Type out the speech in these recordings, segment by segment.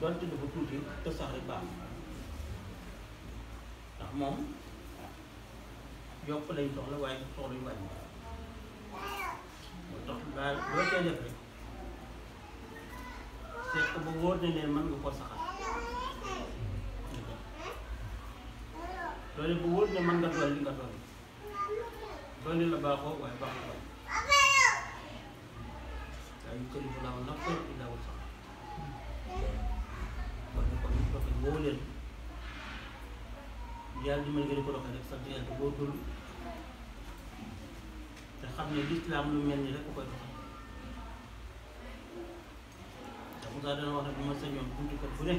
donte dafa tuuti te sax rek baax ndax moom yokk lay soxla waaye soxla yu wàññi moo tax daal loo cee def rek seet ko ba wóor ne leen mën nga koo saxal doole bu wóor ne mën nga dool li nga dool doole la baaxoo waaye baaxul waaye waaye yu këriñ bu laaw nag kër bi daawul sax woo leen yàlla di mën ngeen ko doxee rek sant yàlla góorgóorlu te xam ne lislaam lu mel ni rek ku koy doxal te Moussa dana wax ne bu ma sañoon buntu kër bu ne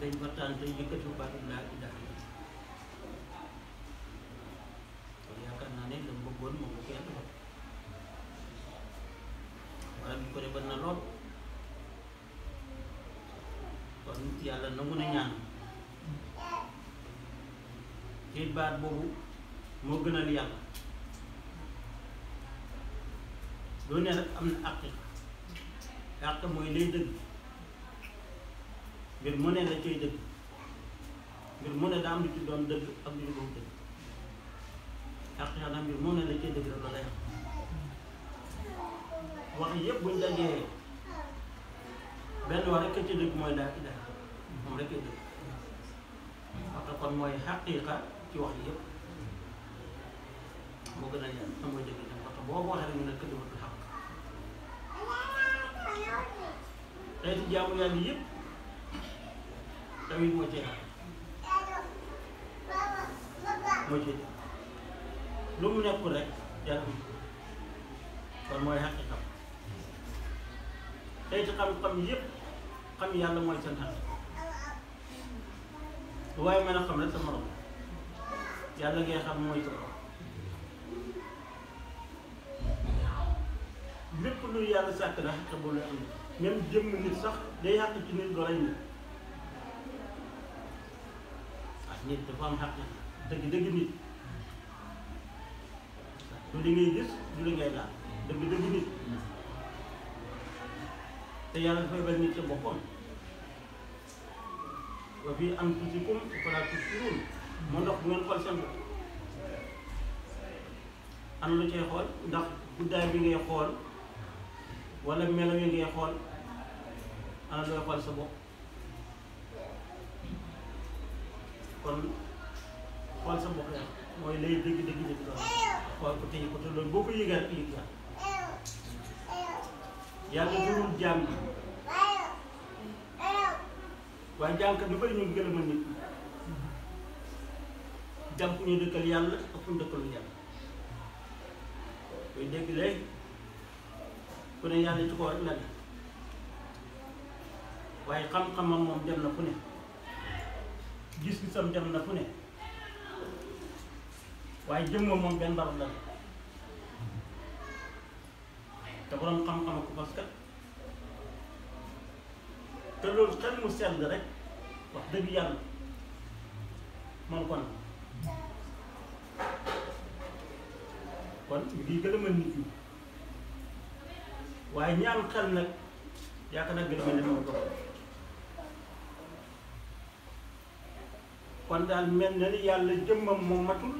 dañ waxtaan te yëkkati baatu laa pare nangu na ñaan ci baat boobu moo gënal yàlla loo ne rek am na àq àq mooy lay dëgg mbir mu ne la cay dëgg mbir mu ne daa am lu ci doon dëgg ak lu ci doon dëgg àq yàlla mbir mu ne la cay dëgg rek la lay am wax yëpp buñ dajee benn wax rek ci dëgg mooy laa ilaaha moom rek indi wax te kon mooy xaqiiqa ci wax yëpp moo gën a yem am nga jënd jëm waxtu boo ko waxee rek ñu ne këdduwatul xaq xeeti jaamu yàlla yëpp tamit moo cee moo cee lu mu nekkul rek jaamu kon mooy xaqiiqa xeeti xam-xam yëpp xam yàlla mooy seen xaq waaye mën a xam rek sa morom yàlla ngay xam mooy sa morom lépp lu yàlla sàkk na xaqa boolu am na même jëmm nit sax day yàq ci nit doo rey nit ak nit dafa am xaq dëgg-dëgg nit du li ngay gis du li ngay daal dëgg-dëgg nit te yàlla dafay bañ nit ca boppam wa fii anfusikum afalaa tubsiruun moo tax bu ngeen xool seen bopp am lu cay xool ndax guddaay bi ngay xool wala melo yi ngay xool ana looy xool sa bopp kon xool sa bopp la mooy lay dëgg dëgg dëgg doon xool ko téye ko loolu boo ko yëgaat yëg yàlla yàlla jurul jaam bi waaye jànk du bëri ñu gërëm a nit jàmp ñu dëkkal yàlla ak ñu dëkkalu yàlla kuy dégg léegi ku ne yàlla ci koo rek la ne waaye xam-xamam moom dem na fu ne gis gisam dem na fu ne waaye jëmm moom benn barab la te borom xam-xam ko parce que te loolu xel mu sell rek wax dëgg yàlla man kon kon lii gën a mën nit ñi waaye ñaan xel nag yaakaar naa gën a mën a mën a kon daal mel na ni yàlla jëmmam moo matul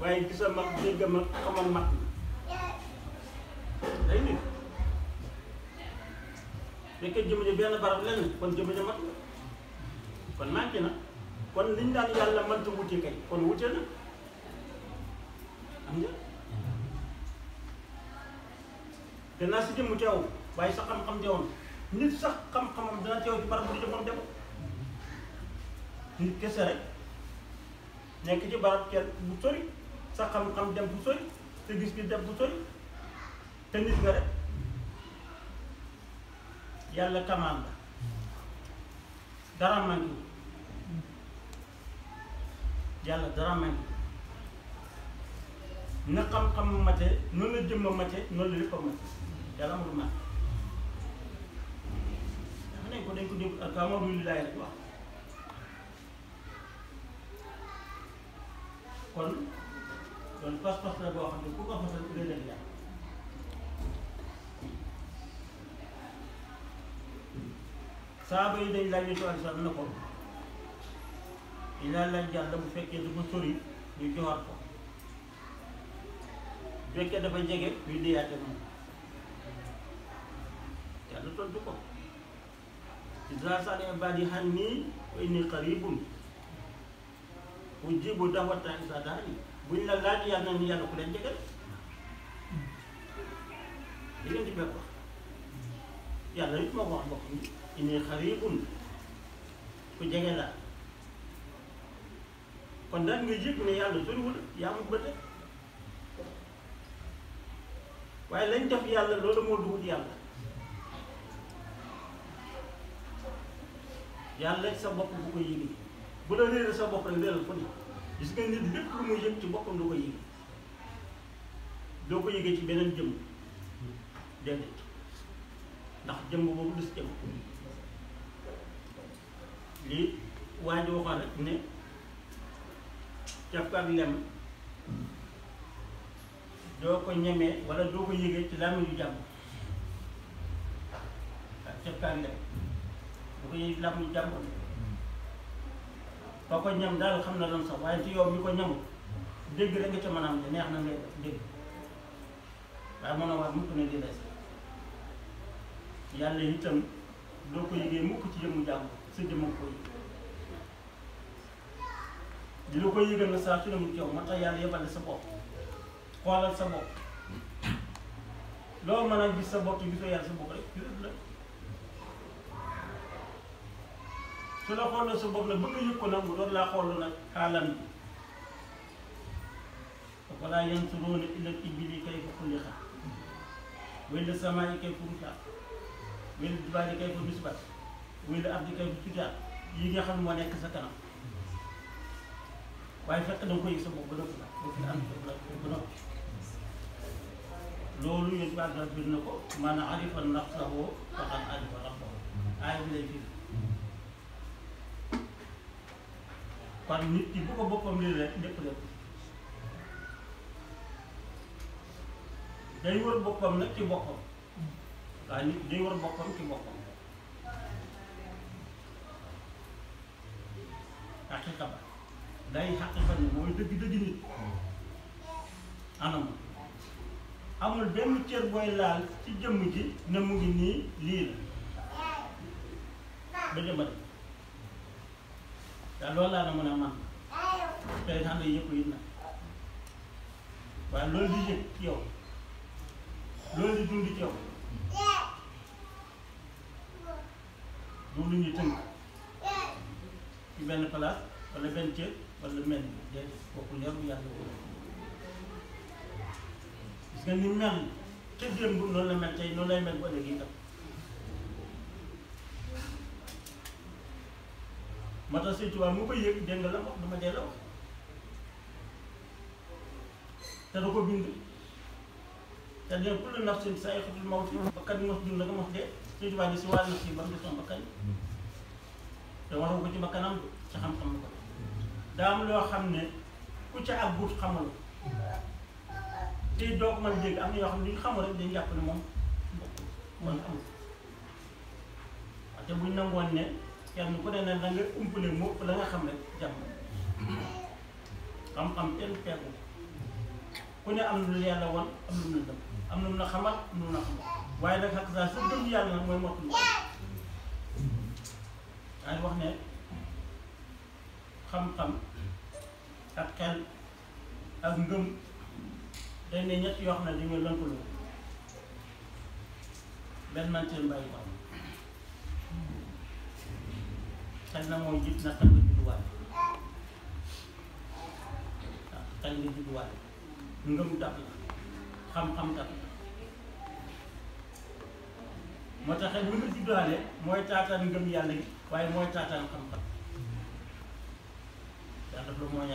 waaye gisam ak déggam ak xamal matul. fekkee jëmm ja benn barab lenn kon jëmm ja mat na kon manqué na kon liñ daan yàlla mënta wute kay kon wute na am nga danaa si jëmm teew waaye sa xam-xam teewoon nit sax xam-xamam dana teew ci barab bu di jëmmam dem nit kese rek nekk ci barab bu sori sa xam-xam dem bu sori sa gis bi dem bu sori te nga rek yàlla kamaan la dara manqué yàlla dara manqué na xam-xam mate noonu la jëmm mate noonu la lépp mate yàlla amul mate dafa nañ ko dañ ko dégg ak amoon lu ñu laay rek wax kon loolu pas la boo xam ne ku ko fasal ku leen yàlla saaba yi dañ laaj yonent bi sax na ko dinaa laaj yàlla bu fekkee dafa sori ñu joxaat ko bu dafa jege ñu déyaate moom yàlla tontu ko izaa sa'alaka ibaadi annii fa innii qariibun ujiibu da'wata izaa da'aani buñ la laaj yàlla ni yàlla ku leen jege la di ngeen di bépp yàlla it moo ko wax mbokk mi inni xaribun ku jege la kon daan nga yëg ne yàlla soriwul yaa amul bët waaye lañ def yàlla loolu moo dugut yàlla yàlla sa bopp bu ko yëgee bu la réere sa bopp rek réeral ko ci boppam du ko yëgee doo ko yëgee ci beneen jëmm déedéet ndax jëmm boobu du si lii waa ji waxoon ne caf ko ak lem doo ko ñemee wala doo ko yëgee ci làmmiñ yu jàmm ak caf ko ak lem doo ko yëgee ci làmmiñ yu jàmm ko ñam daal xam na lan sax waaye ci yow mi ko ñamul dégg rek nga ca mën a am na nga dégg waaye mën a wax mukk ne di des yàlla itam doo ko yëgee mukk ci jëmmu jàmm sa jëmm ko yëg di la saa su mu teew moo tax yebale sa bopp xoolal sa bopp loolu mën a gis sa bopp gisoo yàlla sa bopp rek juréet la su ko nag mu doon laa xool nag xaalan bi wala ila l ibili kayfa xuliqa wa ila samaai kayfa rufiat wéy la Dubaay di kay fa misbat wéy la Abdi kay fa tujaa yi nga xam ne moo nekk sa kanam waaye fekk da nga sa bopp ba la loolu yéen baax na bir na ko man arifa nafsahu faqad arifa rabbahu aaya bi kon nit ki bu boppam lii rek lépp lépp day wër boppam nag ci boppam waaye nit day war boppam ci boppam xaqiqa ba day xaqiqa ni mooy dëgg dëgg nit anam amul benn cër booy laal ci jëmm ji ne mu ngi nii lii la ba jëmbat te loolu laa na mën a man tey xam na waaye loolu di yëg ci yow di dund ci du lu ñuy tënk ci benn place wala benn cër wala mel de bokkul yaru yàlla ko gis nga ni mel te démb noonu la mel tey noonu lay mel bu ëllëg itam moo tax Sëñ Tuubaa mu ko yëg dégg nga la wax dama dee la wax te da ko bind te dee kullu nafsin saa'iqatul mawti bakkan mos dund la nga mos dee Sëñ Tuubaa si wàllu si ba mu desoon ba kañ te waxu ko ci ba kanam ca xam-xam ko daa loo xam ne ku ca ak guut xamul te doo ko mën dégg am na yoo xam ne duñ xamul rek dañ jàpp buñ nangoon ne kenn ku ne ne xam ne am lu yàlla won xamal am lu xamal waaye nag xaq saa su gëm yàlla nag mooy mokk lu ko wax ne xam-xam ak xel ak ngëm dañ ne ñett yoo xam ne dañoo lëkkaloo benn man seen bàyyi ko xel na mooy jib na xel nga judduwaale waaw xel nga judduwaale ngëm dab la xam-xam dab la moo tax it lu mu juddaale mooy taataan ngëm yàlla gi waaye mooy taataan xam-xam yàlla lu mooy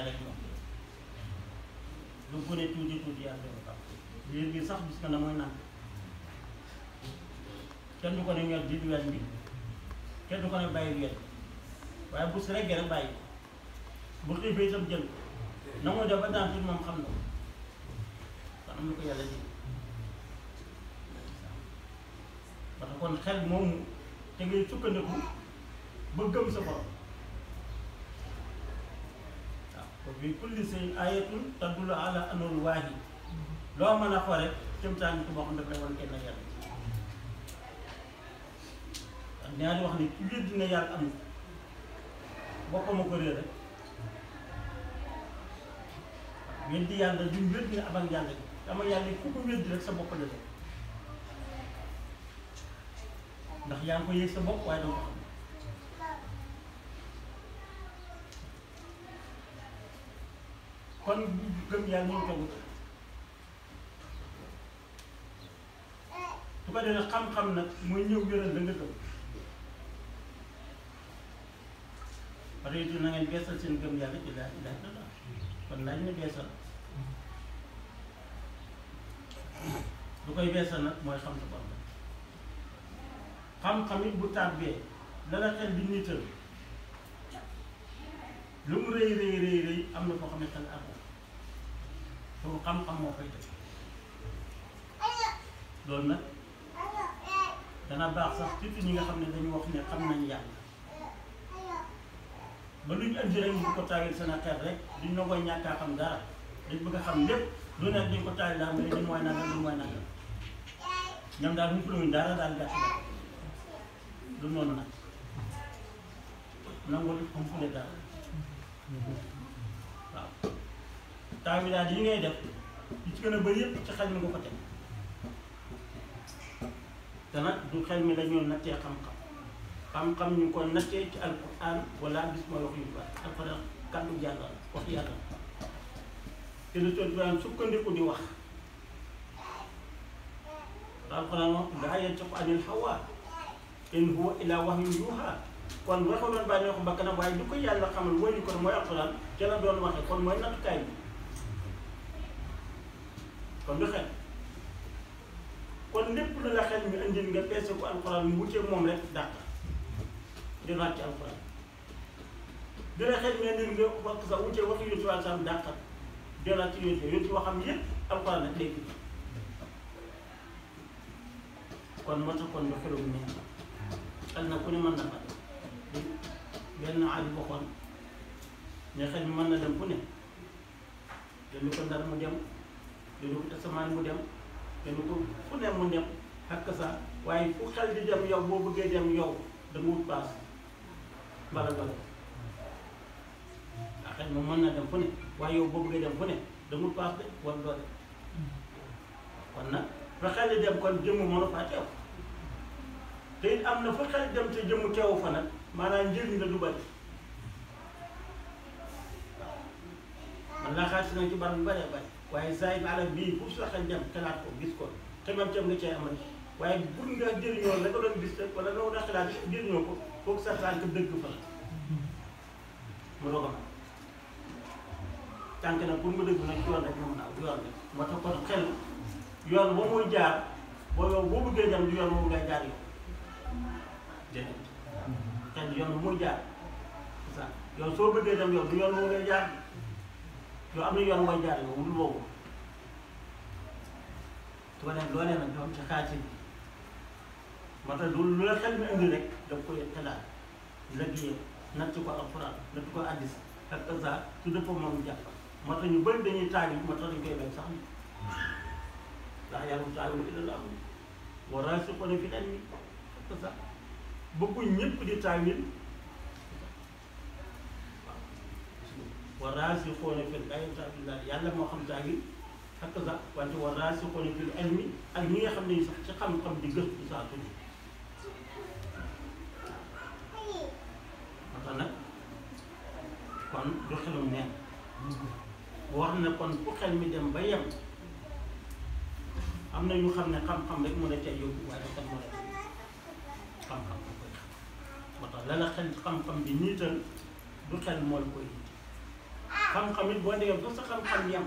nàmp kenn du ko ne ñor di wet bi kenn du ko ne bàyyi wet waaye bu si reggee rek bàyyi bu xiifee itam jël na moo def ba daan moom xam na ko am na ko yàlla ji kon xel moomu te ngay sukkandiku ba gëm sa borom waaw ko bi kulli seen ayatun tadullu ala anul waahid loo mën a xore cëmtaan ko boo xam daf lay wan kenn yàlla ndax ñaari wax ne ki wér dina yàlla amul boppam a ko réer rek wér di yàlla duñ wér yàlla ku ko wér rek sa bopp la def ndax yaa ngi ko yëg sa bopp waaye doo ko xam kon gëm yàlla moom togg su ko defee xam-xam nag mooy ñëw wéral la nga gëm parce que na ngeen beesal seen gëm yàlla ci laa ilaaha illallaah kon laaj na beesal lu koy beesal nag xam-xamit bu tàbbee lala xel bi niital lu mu rëy rëy rëy am na koo xam ne xel àggul pour xam-xam moo koy def loolu nag dana baax sax surtout ñi nga xam ne dañu wax ne xam nañ yàlla ba luñ andi rek ñu ko taawil seen xel rek duñ noo koy ñàkk xam dara dañ bëgg a xam lépp lu nekk dañ ko taawil daal nga ne li mu waay naan la li mu waay naan la ñoom daal duñ ko doon dara daal gàtt tabi da di ngay def ci ci gëna bari yépp ci xel mi nga ko tek dana du xel mi la ñu natte xam xam xam xam ñu ko natte ci alquran wala gis ma wax yu ba ak fa kan du jalla wax yalla ci lu ci dara su ko ndiku di wax alquran mo da ya ci ko anil hawa in huwa illa wahyun yuha kon waxu doon bànneexu bakkanam waaye lu ko yàlla xamal wëññi ko mooy alquran ca la doon waxe kon mooy nattukaay bi kon du xel kon lépp lu la xel ñu indil nga peese ko alquran mu wuteeg moom rek dàq di naat ci alquran di la xel ñu indil nga wax sa wuteeg waxi yontu waa sam dàq di naat ci yontu yontu waxam yépp alquran nag léegi kon moo tax kon nga xelum neex xel na ku ne mën na faj di benn aaj waxoon ne xel mi na dem ku ne dañu mu dem dañu ko tasamaan mu dem dañu ko fu mu dem xakk sa waaye fu xel di dem yow boo bëggee dem yow da nga wut paas bala bala xel moom mën na dem fu ne waaye yow boo dem fu ne da nga wut paas de mm-hmm. kon nag fa xel di dem kon jëmm mënu faa teew te am na fa xel dem te jëmu teewu fa nag njëriñ la du bari waaw man laa xaar nañ ci barab bu bëree bëri waaye saa yu alal bii foofu sa xel dem xalaat ko gis ko xemam tam nga cay amal waaye doon gis rek wala loo ko foog sa tànk dëgg fa mu doog a mën tànk nag pour nga dëgg nag yoon rek moom naaw yoon rek moo tax xel yoon ba muy jaar boo yow boo bëggee dem du yoon moom ngay jaar yow déedéet kenn yoon bu muy jaar c'est ça yow soo bëggee dem yoon du yoon moo ngay jaar yow am na yoon mooy jaar yow wul boobu su ko defee loolee nag ci xaatim moo tax lu lu la xel mi indi rek daf koy xelaat liggéey natt ko alxuraan natt ko addis ak azar su dëppoo moom jàpp moo tax ñu bëri dañuy taal yi moo tax dañ koy bañ sax ni ndax yàlla mu taal wu ilal am wa raasiquuna fil ilmi ak azar bëgguñ ñëpp di taawil wa raasixoona fil ilmi alhamdulilah yàlla moo xam taawil ak sax wante wa raasixoona fil ilmi ak ñi nga xam ne sax ci xam-xam di gëstu saa tudd moo tax nag kon du xelum neen wax na kon fu xel mi dem ba yem am na ñu xam ne xam-xam rek mën a tey yóbbu waaye xam moo la xam-xam la la xel xam-xam bi niital du xel moo la koy xam-xam it boo demee ba sa xam-xam yam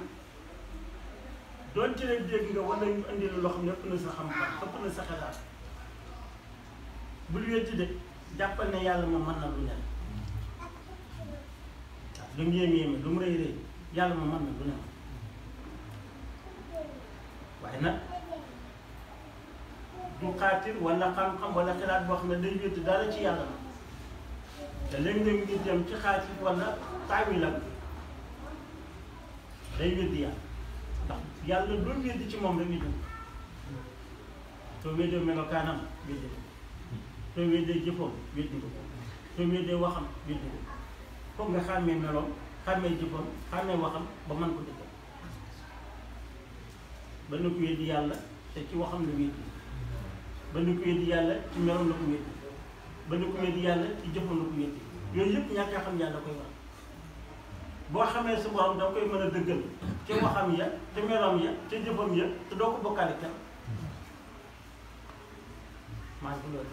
doon ci leen dégg nga war indi la ne ëpp na sa xam-xam ëpp na sa xalaat bul wétti de jàppal ne yàlla moom mën na lu ne waaw lu mu yéeme yéeme lu mu rëy rëy yàlla moom mën na lu ne waaye nag du xaatir wala xam-xam wala xalaat boo xam ne day wétti dara ci yàlla moom te léeg-léeg ngi dem ci xaaj yi wala taawilam bi day weddi yàlla ndax yàlla loolu weddi ci moom rek ñu jóg soo weddee melokaanam weddi jëfoom weddi ko soo weddee waxam weddi ko foog nga xàmmee meloom xàmmee jëfoom xàmmee waxam ba man ko dëkkal ba nu ko weddi yàlla te ci waxam la ba nu ko weddi yàlla ci meloom la ko weddi ba ñu ko mel yàlla ci jëfandiku ko yëngu yooyu yëpp ñàkk a xam yàlla koy wax boo xamee sa borom da koy mën a dëggal ca waxam ya ca meloom ya ca jëfam ya te doo ko bokkaale ca maa ngi loolu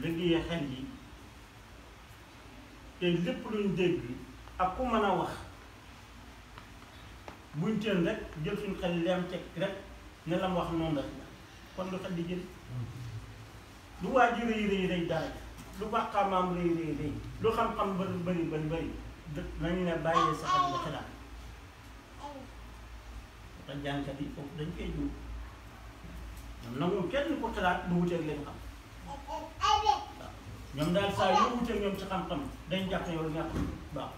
léegi boo xel yi te lépp luñ dégg ak ku mën a wax buñ teen rek jël suñ xel leem teg rek ne la mu wax noonu la. kon lu xel di jël lu waa ji rëy rëy daal lu bàqaamaam rëy rëy rëy lu xam-xam bari bari bari bari nañu ne bàyyee sa xel nga xelaat te jànkat yi foofu dañ koy jur ñoom nangu kenn ko xelaat lu wuteeg leen xam waaw ñoom daal saa yu wuteeg ñoom ci xam-xam dañ jàpp yow li nga xam baax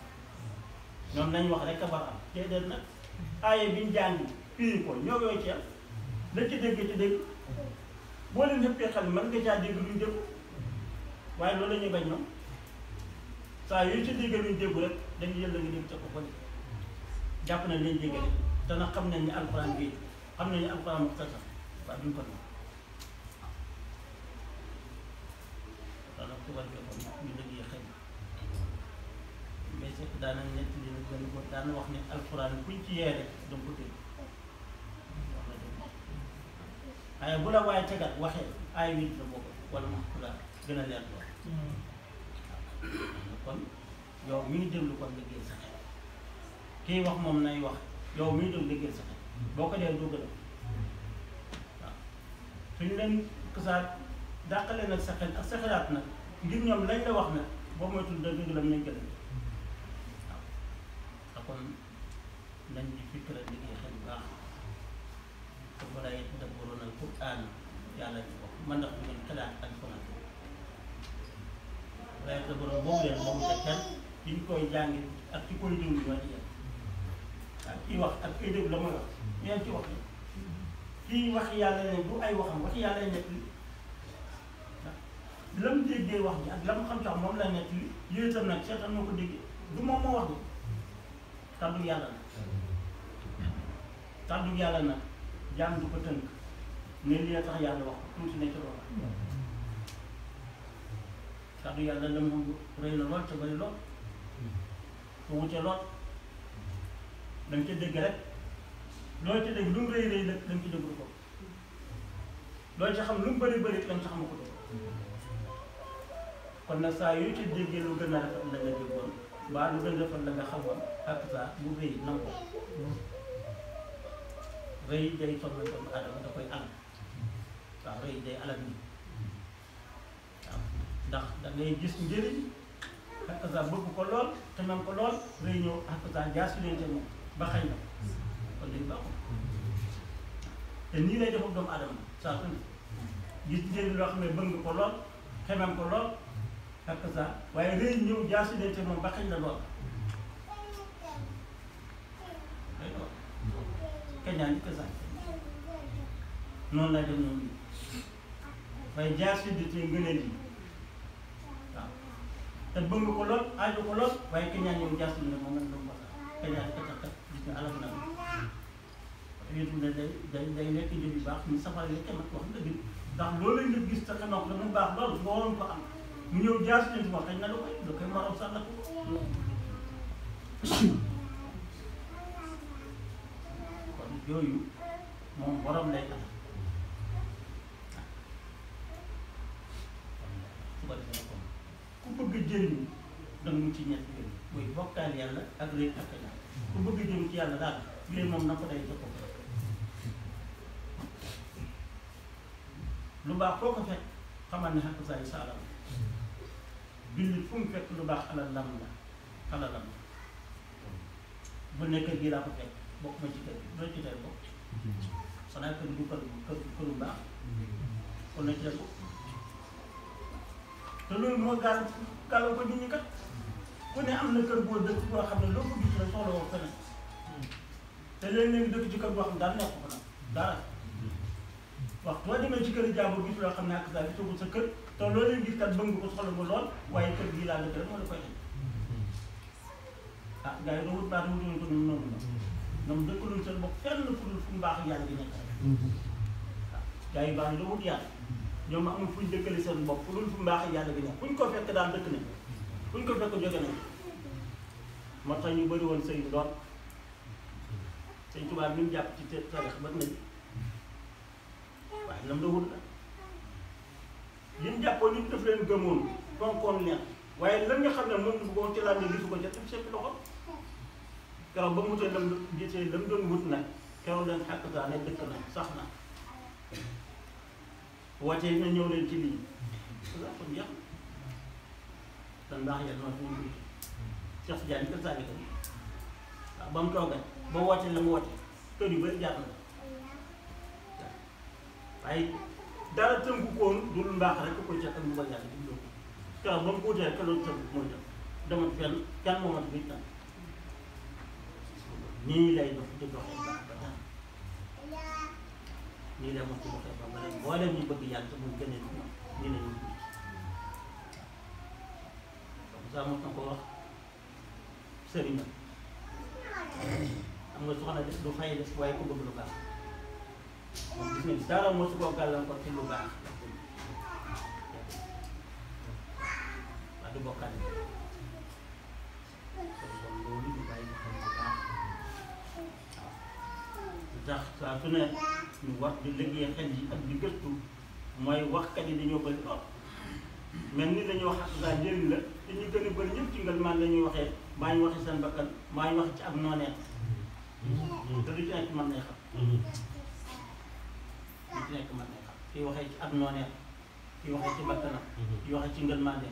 ñoom wax rek a war am déedéet nag aaye biñ jàngi firi ko ñoo yoo ci la ci dëgg ci dëgg boo leen xëppee xam ne mën nga caa dégg luñ dégg waaye loolu lañuy ñuy bañ ñoom saa yooyu ci dégg luñ dégg rek dañu yël la nga dégg ca ko xol jàpp nañ leen dégg dana xam nañ ne alxuraan bi xam nañ alxuraan wax tasa waaye duñ ko nangu wala ku war ko wax ne alxuraan kuñ ci yeere dama ko dégg waaye eh, bu la waaye tegal waxee ay wit la bokk wala mu ku la gën a leer lool hmm. kon yow mi ngi déglu kon liggéey sa xel kii wax moom nay wax yow mi ngi déglu sa xel hmm. boo ko dee dugg la hmm. waaw suñ leen kasaat dàqale nag sa xel ak sa xelaat nag ngir ñoom lañ la wax nag boo moytul da dëgg lam nañ jëlee waaw te kon nañ di fikra liggéey xel bu baax te balay dëgg alquran yàlla ci ko mën na ko ngeen xalaat alquran waaye sa borom boobu leen moom la jar ci koy jàng ak ci koy déglu ma ci yem ak kii wax ak kii déglu la ma wax yéen ci wax kii wax yàlla ne du ay waxam wax yàlla nekk li lam déggee wax ji ak lam xam sax moom la nekk li yooyu itam nag seetaan moo ko déggee du moom moo wax ji kàddu yàlla na kàddu yàlla na mel ni la tax yàlla wax ko tuuti na ci loolu kàddu yàlla la mu rëy la lool te bari lool mu wute lool dañ ca dégg rek loolu ca dégg lu mu rëy rëy la dañ ca déglu ko loolu ca xam lu mu bëri bëri dañ ca xam ko kon nag saa yu ca déggee lu gën a rafet la nga déggoon mbaa lu gën a rafet la nga xamoon ak saa bu rëy na ko rëy day toll na doomu aadama da koy am waaw rëy day alal ni waaw ndax da ngay gis njëriñ xakasa bëgg ko lool te man ko lool rëy ñëw xakasa jaa su moom ba xañ na te nii lay defal doomu aadama saa su gis njëriñ loo xam ne bëgg ko lool xemam ko lool xakasa waaye rëy ñëw jaa su leen te moom ba xañ na lool kañaan kañaan noonu lay dem noonu bay jaar si di tey ngëneel yi waaw te bëgg ko lool aaju ko lool waaye kañaan yow jaar si ne moom nag doomu baax a kañaan kat a kat gis nga alal naa yéen ne day day day nekk njëriñ bu baax ñu safal la kenn wax gis te xanaa ko mu baax lool nga waroon ko am mu ñëw jaar si wax xëy na da koy da koy maroon sax la ko. kon yooyu moom borom lay am. bëgg a jëriñu danga mu ci ñett yooyu mooy bokkaal yàlla ak réer ak kañaan ku bëgg a jëm ci yàlla daal ko lu baax foo ko fekk xamal ne xaq saa yi sa alal fu mu fekk lu baax alal lam la alal lam bu ne kër laa ko fekk bokk ma ci kër doo ci teel bokk xanaa mm-hmm. kër gu kër gu kër gu baax mm-hmm. kon na ci la te loolu moo gàll gàll ko nit ñi ku ne am na kër boo dëkk boo xam ne loo ko gis la soxla woo feneen te léeg-léeg dëkk ci kër boo xam ne daan nekk ko nag dara wax boo demee ci kër jàmbur gis loo xam na ak daal gisagul sa kër te loolu leen gis kat bëgg ko lool waaye kër gii laa la gërëm wala koy def ah gars yi doo baatu wutuñu ko ñun noonu la ñoom dëkkaluñ seen bopp fenn fu mu ah, baax yàlla di na doo wut yàlla ñoom amul fuñ dëkkale seen bopp fu dul fu mbaax yàlla bi ne fuñ ko fekk daal dëkk nañ fuñ ko fekk jóge nañ moo tax ñu bëri woon sëñ doon sëñ tubaab mi mu jàpp ci tarix ba nañ waaye lam la wut la li mu jàppoon ñu def leen waaye lan nga xam ne moom bu ko ci laaj gisu ko ca def seen loxo keroog ba mu tee lam gisee lam doon wut nag keroog leen xàq daal ne dëkk na sax na woote na ñëw leen ci lii ah kon jeex na kon baax na yàlla moom moom Cheikh Tidiane kër Saalum ah, waaw ba mu toogal ba woote la mu woote kër yu bëri jaar na ko waaye dara tënku koon du lu mbaax rek ko jox ak mu ba yàlla di ko keroog ba mu ko jëlee keroog tënku mooy def dama fenn kenn moomat bi tam nii lay dox di dox baax lii la Moussa Moussa Ba ma ne mboolem ñu bëgg yàlla te muy gën a ñu ne ñu ngi Moussa mos na ko wax sëriñam am nga soxna des du xëy des waaye ku bëgg lu baax moom gis nga dara mosu koo gàllankoor ci lu baax wax du tax saa su ne ñu war di liggéey xel yi ak di gëstu mooy waxkat yi dañoo bëri lool mel ni dañoo xas saa njëriñ la te ñu gën a bëri ñëpp ci ngelmaan la ñuy waxee maa ngi waxee seen bakkan maa ngi wax ci ak noonee mm-hmm. te du nekk mën nay xam du ci nekk mën mm-hmm. waxee ci ak noonee kii waxee ci bakkanam mm-hmm. kii waxee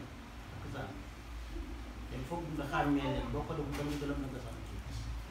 saa il faut nga xàmmee leen boo ko defee tamit gëlëm na nga sax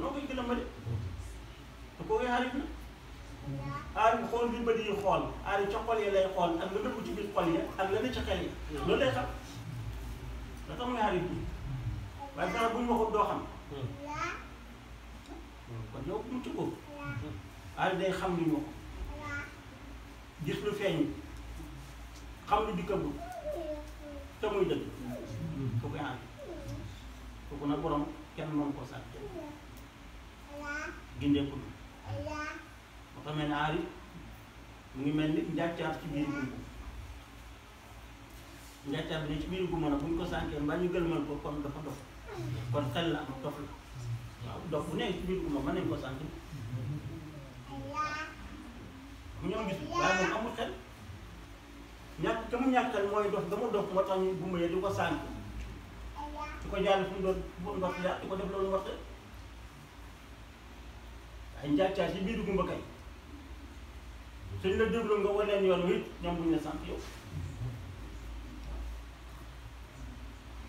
noo koy gën a mënee da koo koy aarif na xool bi bët yi xool aarif ca xol ya lay xool ak la nëbbu ci biir xol ya ak la ne ci xel yi loolu lay xam da tax muy bi waaye dara bu ñu waxul doo xam kon yow mucc ko aarif day xam li ñu wax gis lu feeñ xam lu dikkagul te muy dëgg kooku aarif kooku nag borom kenn moom koo sànni gindeeku na ba ko mel aari mu ngi mel ni njàccaar ci biir gumb njàccaar bi ne ci biir gumb nag ko sànkee mbaa ñu gëlmal ko kon dafa kon xel la am dof la waaw dof bu nekk ci biir gumb mën nañ ko sànk mu ñoo gis waaye moom amul xel ñàkk ka mu ñàkkal mooy dof ga mu dof moo tax ñu gumb yi di ko sànk di ko jàll fu mu doon ko def loolu ay ñacc ci bi dugum bakay sëñ la dëglu nga wone ñu wone wit ñam buñu sant yow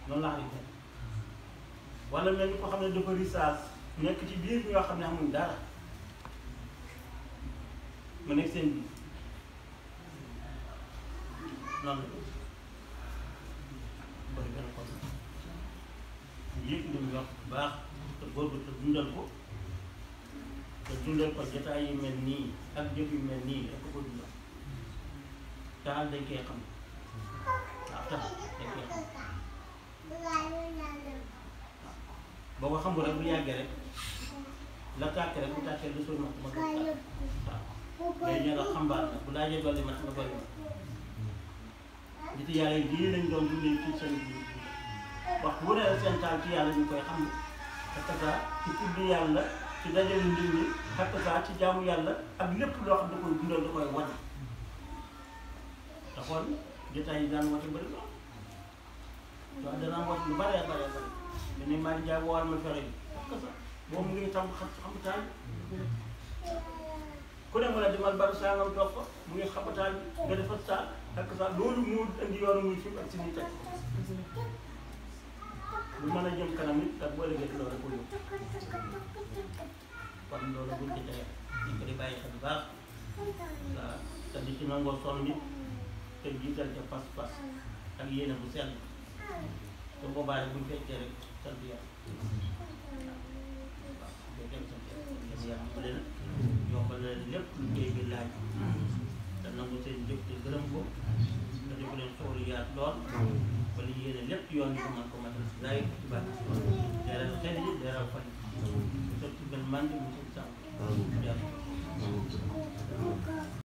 non la xarit wala mel ko xamne dafa risas nek ci biir ñu xamne amuñ dara mu nek seen bi non la bari gëna ko yépp ñu wax baax te gor gu te dundal ko te dundal ko jotaay mel nii ak jëf yu mel nii rek ko dundal taal dañ koy xam waaw taal dañ koy xam boo ko xamul rek bu yàggee rek la tàkk rek bu tàkkee lu suul ma ko ma nga dolli ma nit yàlla yi lii koy xam yàlla ci dajale nit ñi xatta saa ci jaamu yàlla ak lépp loo xam da koy dundal da koy wane te xool jotaay yi daan woote bëri lool waaw danaa ne maa ngi jaay ma fere yi parce que moom mu ngi tam xam xamutaan ku ne mu la demal baru saa ngam toog fa mu ngi xamutaan nga defal saa xatta saa loolu moo indi yoonu fi ak si muy teg lu mën a jëm kanam it te boo liggéey loolu ko yóbbu kon loolu buñ ci tey di bàyyi xel baax waaw te di nangoo sonn it te jiital ca pas leen lépp lu géej gi laaj te nangu seen jëf te gërëm ko te def leen xool yaat lool wala yéene lépp yoon bi man ko matal si zaay ci bàtt leeral xel yi leeral fan yi sotti gën mànd mu sotti sa am